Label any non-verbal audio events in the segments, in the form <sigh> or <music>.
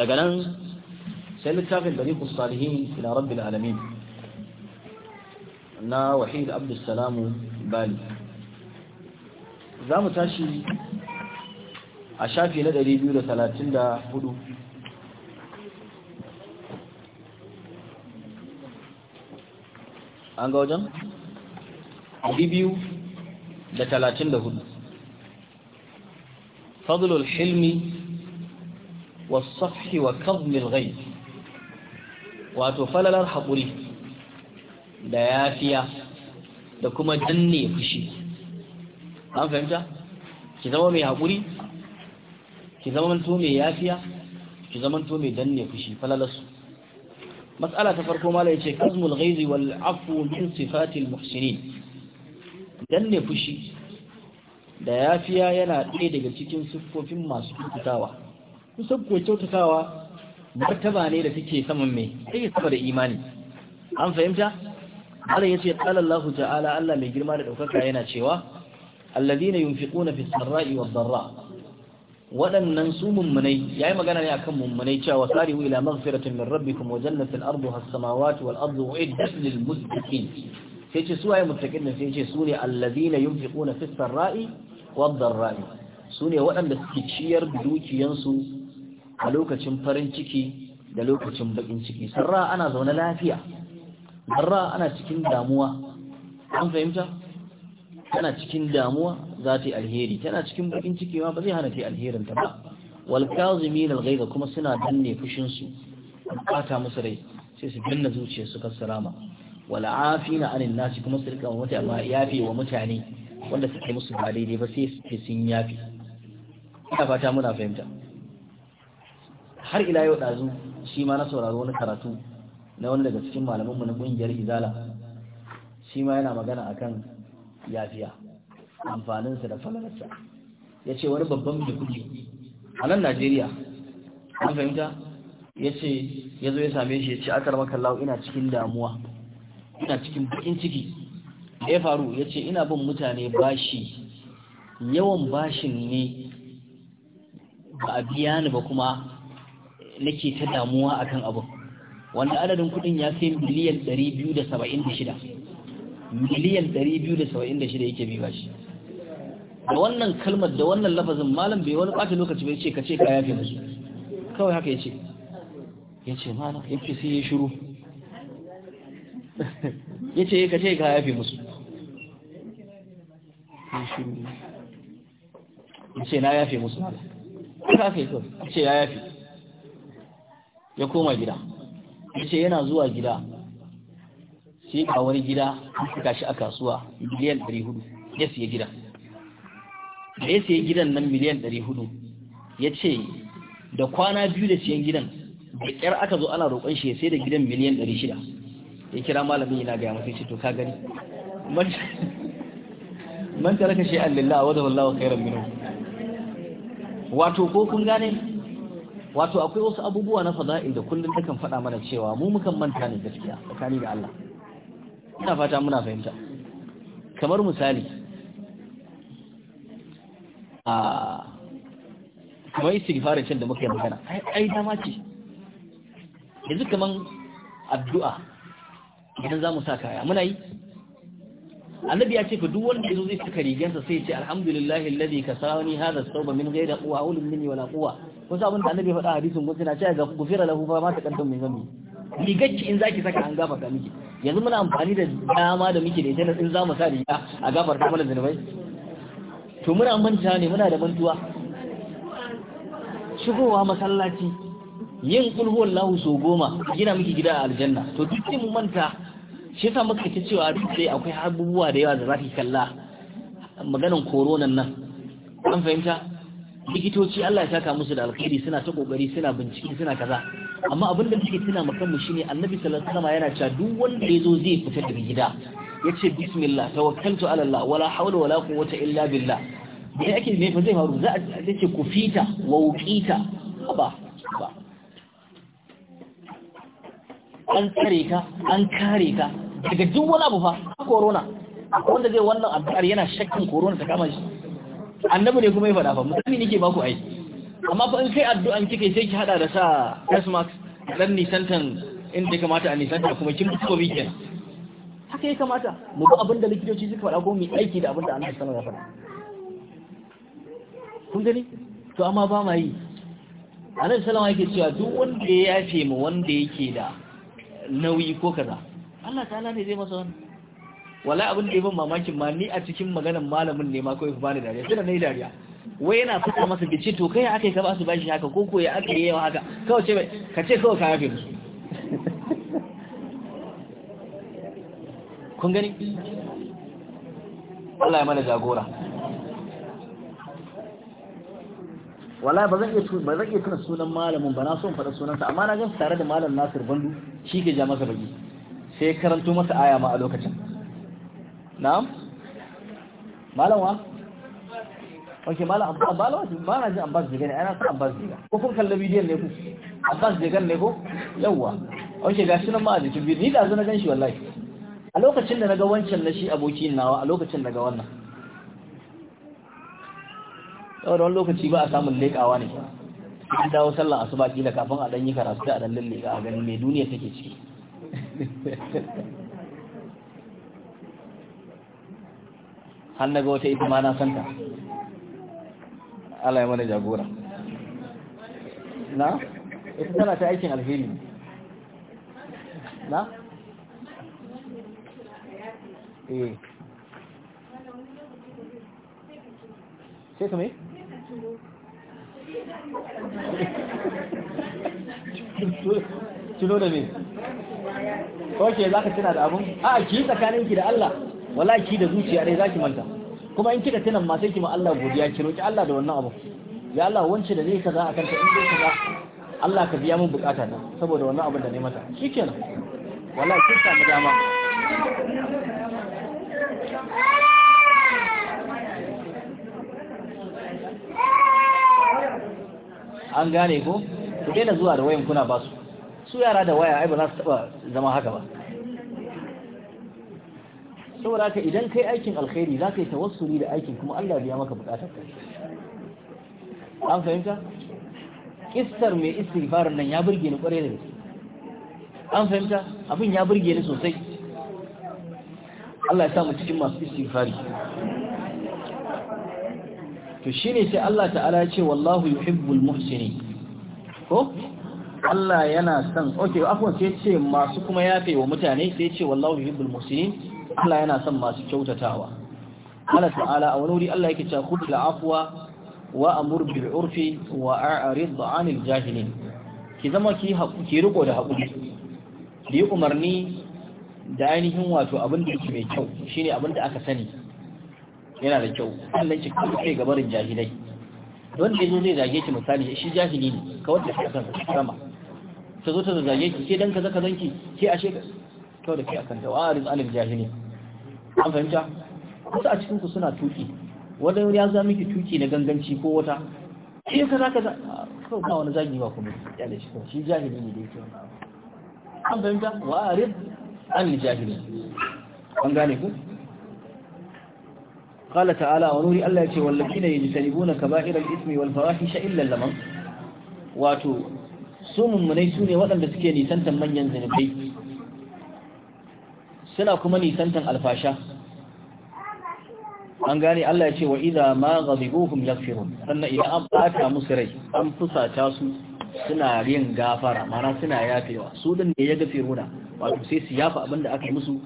daga nan sai littafin dariqus salihin ila rabbil alamin na wahid abdussalam bali za mu tashi a shafi na 234 an ga wajen? 234 fadlul hilmi wasafi wa kadmil ghai wato falalar haƙuri da yafiya da kuma danne fushi an fahimta ki zama mai haƙuri ki zama manto mai yafiya ki zama manto mai danne fushi su. Matsala ta farko mala yace kazmul ghaizi wal afu min sifatil muhsinin danne fushi da yafiya yana ɗaya daga cikin siffofin masu kyautatawa kusan kuwa kyautatawa martaba ne da take saman mai sai sama da imani an fahimta Allah yace qala Allah ta'ala Allah mai girma da daukaka yana cewa alladhina yunfiquna fis sarai wad dharra waɗannan su mummunai yayi magana ne akan mummunai cewa sari'u ila maghfiratin min rabbikum wa jannatin arduha as-samawati wal ardu uiddat lil muttaqin sai ce su waye muttaqin sai ce su ne alladhina yunfiquna fis sarai wad dharra su ne waɗanda suke ciyar dukiyansu a lokacin farin ciki da lokacin bakin ciki sarra ana zaune lafiya sarra ana cikin damuwa an fahimta tana cikin damuwa za ta yi alheri tana cikin bakin ciki ma ba zai hana ta yi ta ba wal kazimin al kuma suna danne fushin su bata musu rai sai su danna zuciyar su kasarama wal afina anin nasi kuma su rika wata ma yafi wa mutane wanda suke musu ba daidai ba sai su yafi ina fata muna fahimta har ila yau ɗazu shi ma na saurari wani karatu na wani daga cikin malamanmu na ƙungiyar izala shi ma yana magana akan yafiya amfaninsa da falalarsa ya ce wani babban mai kuɗi a nan najeriya an fahimta ya ce ya zo ya same shi ya ce akar makallau ina cikin damuwa ina cikin bakin ciki da ya faru ya ce ina bin mutane bashi yawan bashin ne ba a biya ni ba kuma nake ta damuwa akan abin wanda adadin kudin ya sai miliyan 276 miliyan 276 yake bi bashi da wannan kalmar da wannan lafazin malam bai wani ɓata lokaci bai ce ka ce ka yafe musu kawai haka ya ce ya ce malam ya ce sai ya shiru <laughs> ya ce eh, ka ce ka yafe musu ya shiru ya ce na yafe musu malam ka yafe ya ce ya yafe ya koma gida ya ce yana zuwa gida sai a wani gida suka shi a kasuwa miliyan 400 ya siya gida da ya siya gidan nan miliyan 400 ya ce da kwana biyu da siyan gidan da kyar aka zo ana roƙon shi ya sai da gidan miliyan 600 ya kira malamin yana gaya masu ce to ka gani man taraka shi allallah lillah wa da wallahu khairan wato ko kun gane wato akwai wasu abubuwa na fada'il da kullum takan faɗa mana cewa mu mukan manta ne gaskiya tsakani da Allah ina fata muna fahimta kamar misali a kamar istighfarin can da muka yi magana ai dama ce yanzu kaman addu'a idan za mu sa kaya muna yi annabi ya ce fa duk wanda yazo zai saka rigarsa sai ya ce alhamdulillahi alladhi kasani hadha as-sawba min ghayri quwwa minni wala quwwa wasu abin da annabi faɗa hadisin gusi na cewa gufira lahu fa ma ta kantan mai zambi rigacci in zaki saka an gafarta miki yanzu muna amfani da dama da muke da ita na in za mu sa riga a gafarta mana zanubai to muna manta ne muna da mantuwa shigowa masallaci yin kulhuwar lahu so goma gina miki gida a aljanna to duk mu manta shi yasa muka ce cewa duk dai akwai abubuwa da yawa da za ki kalla maganan koronan nan an fahimta likitoci Allah ya saka musu da alkhairi suna ta kokari suna bincike suna kaza amma abin da muke tuna mu kanmu shine Annabi sallallahu alaihi yana cewa duk wanda yazo zai fita daga gida yace bismillah tawakkaltu ala Allah wala hawla wala quwwata illa billah Da ake ne fa zai faru za a ce ku fita wa uqita ba ba an tsare ka an kare ka daga duk wani abu fa corona wanda zai wannan addu'ar yana shakkin corona ta kama shi annabi ne kuma ya faɗa fa mutane nake ba ku aiki amma fa in kai addu'an kike sai ki hada da sa face mask dan nisantan inda ya kamata a nisanta kuma kin fito weekend haka ya kamata mu ga abinda likitoci suka faɗa ko mu aiki da abinda Allah sanar ya faɗa. kun gani to amma ba ma yi annabi sallallahu alaihi wasallam yake cewa duk wanda ya yafe mu wanda yake da nauyi ko kaza Allah ta'ala ne zai masa wannan wala abin da ibin mamakin ma ni a cikin maganan malamin ne ma kawai fi bani dariya Suna na yi dariya wai yana fata masa bici to kai aka yi ka ba su bashi haka ko koya aka yi yawa haka kawai ce ka ce kawai ka yafe musu <laughs> kun gani Allah ya mana jagora wala ba zan iya iya tuna sunan malamin ba na son in faɗa sunansa amma na gan tare da malam Nasir Bandu shi ke ja masa baki sai karanto masa aya ma a lokacin na'am malamwa ok malam abbas ba na jin abbas jiga ne ana sa abbas jiga ko kun kalla bidiyon ne ku abbas jiga ne ko yawwa ok ga shi nan ma a jikin bidiyon ni da zo na ganshi wallahi a lokacin da na ga wancan na shi abokin nawa a lokacin da ga wannan saboda wani lokaci ba a samun leƙawa ne an dawo sallan asuba kila kafin a dan yi karatu da a dan lalleka a gani me duniya take ciki <laughs> har na ga wata ita ma na santa Allah ya mana jagora na ita tana ta aikin alheri na eh sai ka me tuno da ne? ok za ka cina da abun a ki tsakaninki da Allah wallahi da zuciya dai zaki manta kuma in kika tunan ma sai ki ma Allah godiya ki roki Allah da wannan abu ya Allah wance da zai kaza akan ta in zai kaza Allah ka biya min bukata ta saboda wannan abin da nayi mata shikenan wallahi kin samu dama an gane ko ku daina zuwa da wayan kuna basu su yara da waya ai ba za su taba zama haka ba saboda haka idan kai aikin alkhairi za ka yi tawassuli da aikin kuma Allah biya maka bukatar ka an fahimta kistar mai istighfarin nan ya burge ni kwarai da gaske an fahimta abin ya burge ni sosai Allah ya samu cikin masu istighfari to shine sai Allah ta'ala ya ce wallahu yuhibbul muhsinin ko Allah yana son okay afwan sai ce masu kuma yafe wa mutane sai ce wallahu yuhibbul muhsinin Allah yana son masu kyautatawa Allah ta'ala a wani wuri Allah yake cewa la'afuwa afwa wa amur bil urfi wa a'rid 'anil jahilin ki zama ki haƙu ki riko da haƙuri da yi umarni da ainihin wato abin da yake mai kyau shine abin da aka sani yana da kyau Allah ki kai gabarin jahilai don da zai zage ki misali shi jahili ne ka da ka san sama ta zo ta zage ki ke dan kaza ki? ke ashe to da ke akan ta wa jahili an fahimta wasu a cikin suna tuki wanda ya za miki tuki na ganganci ko wata sai ka zaka za ka wani zagi ba kuma ya da shi shi jahili ne da yake wannan an fahimta wa arid jahili an gane ku قال تعالى ونور الله يتي والذين يجتنبون كبائر الإثم والفواحش إلا اللمم واتو سوم مني سوني waɗanda suke nisantan manyan zanibai suna kuma nisantan alfasha an gane Allah ya ce wa idza ma ghadibuhum yaghfirun sannan idan an bata musu rai an fusata su suna yin gafara mana suna yafewa su din ne ya gafiruna wato sai su yafa abinda aka yi musu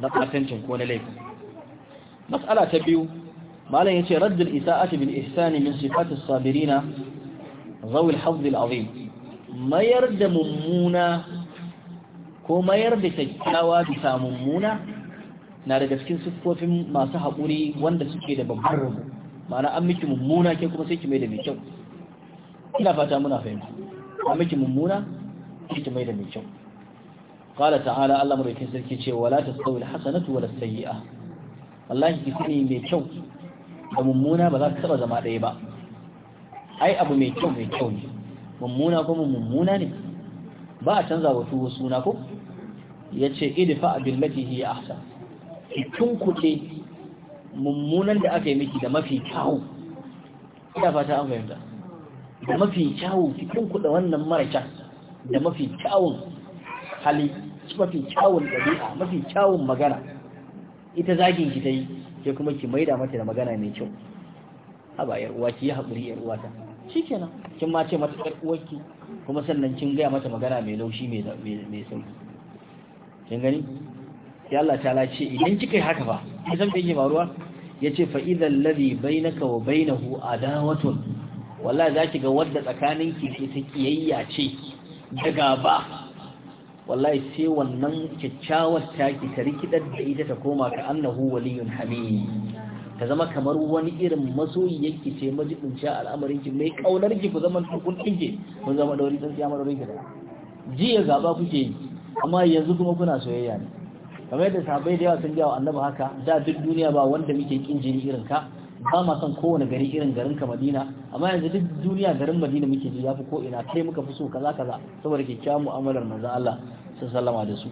na katancin ko na laifi mas'ala ta biyu malam yace raddul isa'ati bil ihsani min sifatis sabirina zawil hazzil azim mayar da mummuna ko mayar da kyakkyawa bisa mummuna na daga cikin siffofin masu haƙuri wanda suke da babbar rabu ma'ana an miki mummuna ke kuma sai ki mai da mai kyau ina fata muna fahimta an miki mummuna sai ki mai da mai kyau qala ta'ala Allah madaukakin sarki ce wala tastawi alhasanatu wala sayyi'a wallahi ki sani mai kyau da mummuna ba za ta taba zama ɗaya ba ai abu mai kyau mai kyau ne mummuna kuma mummuna ne ba a canza wa tuwo suna ko ya ce idifa abin yi ya ahsa tun kuɗe mummunan da aka yi miki da mafi kyawu ya fata an fahimta da mafi kyawu tun kuɗe wannan mara kyan da mafi kyawun hali mafi kyawun ɗabi'a mafi kyawun magana ita zagin ki ta yi ke kuma ki maida mata da magana mai kyau haba yar uwa ki yi haƙuri yar uwa ta shikenan kin ma ce mata yar kuma sannan kin gaya mata magana mai laushi mai sauki kin gani ya Allah ta lace idan kika yi haka ba, kin san yi yake faruwa yace fa idhal ladhi bainaka wa bainahu adawatun wallahi zaki ga wadda tsakanin ki ta kiyayya ce daga gaba wallahi sai wannan kikkiawar taki ta rikidar da ita ta koma ka annahu waliyyun hamid ka zama kamar wani irin masoyi yake ce majibinci al'amarin ki mai kaunar ki ku zama tukun ɗinke kun zama dauri ɗan tsiyamar dauri ki ji ya zaɓa kuke yi amma yanzu kuma kuna soyayya ne kamar yadda sabai da yawa sun jawo annabi haka da duk duniya ba wanda muke kin jini irin ka ba ma son kowane gari irin garin ka Madina amma yanzu duk duniya garin Madina muke ji yafi ko ina kai muka fi so kaza kaza saboda kyakkyawan mu'amalar manzo Allah sallallahu alaihi wasallam da su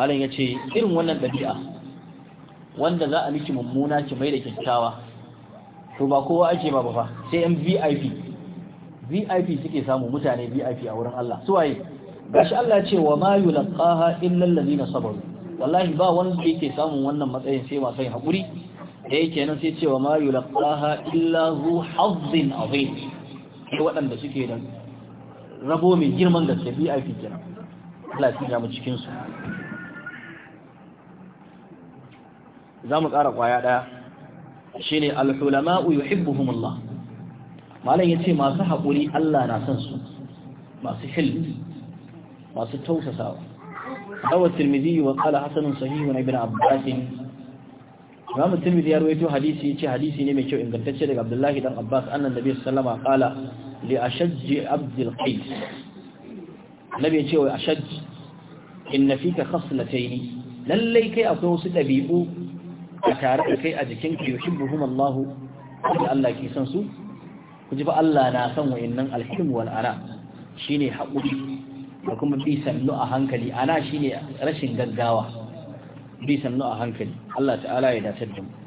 malam ya ce irin wannan ɗabi'a wanda za a miki mummuna ki mai da kyakkyawa to ba kowa ake ba ba sai yan VIP VIP suke samu mutane VIP a wurin Allah su waye gashi Allah ya ce wa ma yulqaha illa alladhina sabaru wallahi ba wanda yake samun wannan matsayin sai masu hakuri da yake nan sai cewa ma yulqaha illa zu hazzin azim sai waɗanda suke da rabo mai girman gaske VIP kenan Allah ya tsaya mu cikin su za mu ƙara ƙwaya ɗaya shi ne alhulama'u yuhibbuhumullah malam ya ce masu haƙuri Allah na son su masu hil masu tausasawa dawa tirmidhi wa qala hasanun sahihun ibn abbas Imam Tirmidhi ya rawaito hadisi yace hadisi ne mai kyau ingantacce daga Abdullah dan Abbas annan Nabi sallama qala li ashajj abdul qais Nabi yace wa ashajj inna fika khaslatayn lallai kai akwai wasu dabi'u a tare da kai a jikin ka yuhibbuhum Allah da Allah ke son su ku ji fa Allah na son wayannan alhim wal ana shine haƙuri da kuma bi sannu a hankali ana shine rashin gaggawa bi sannu a hankali Allah ta'ala ya dace da mu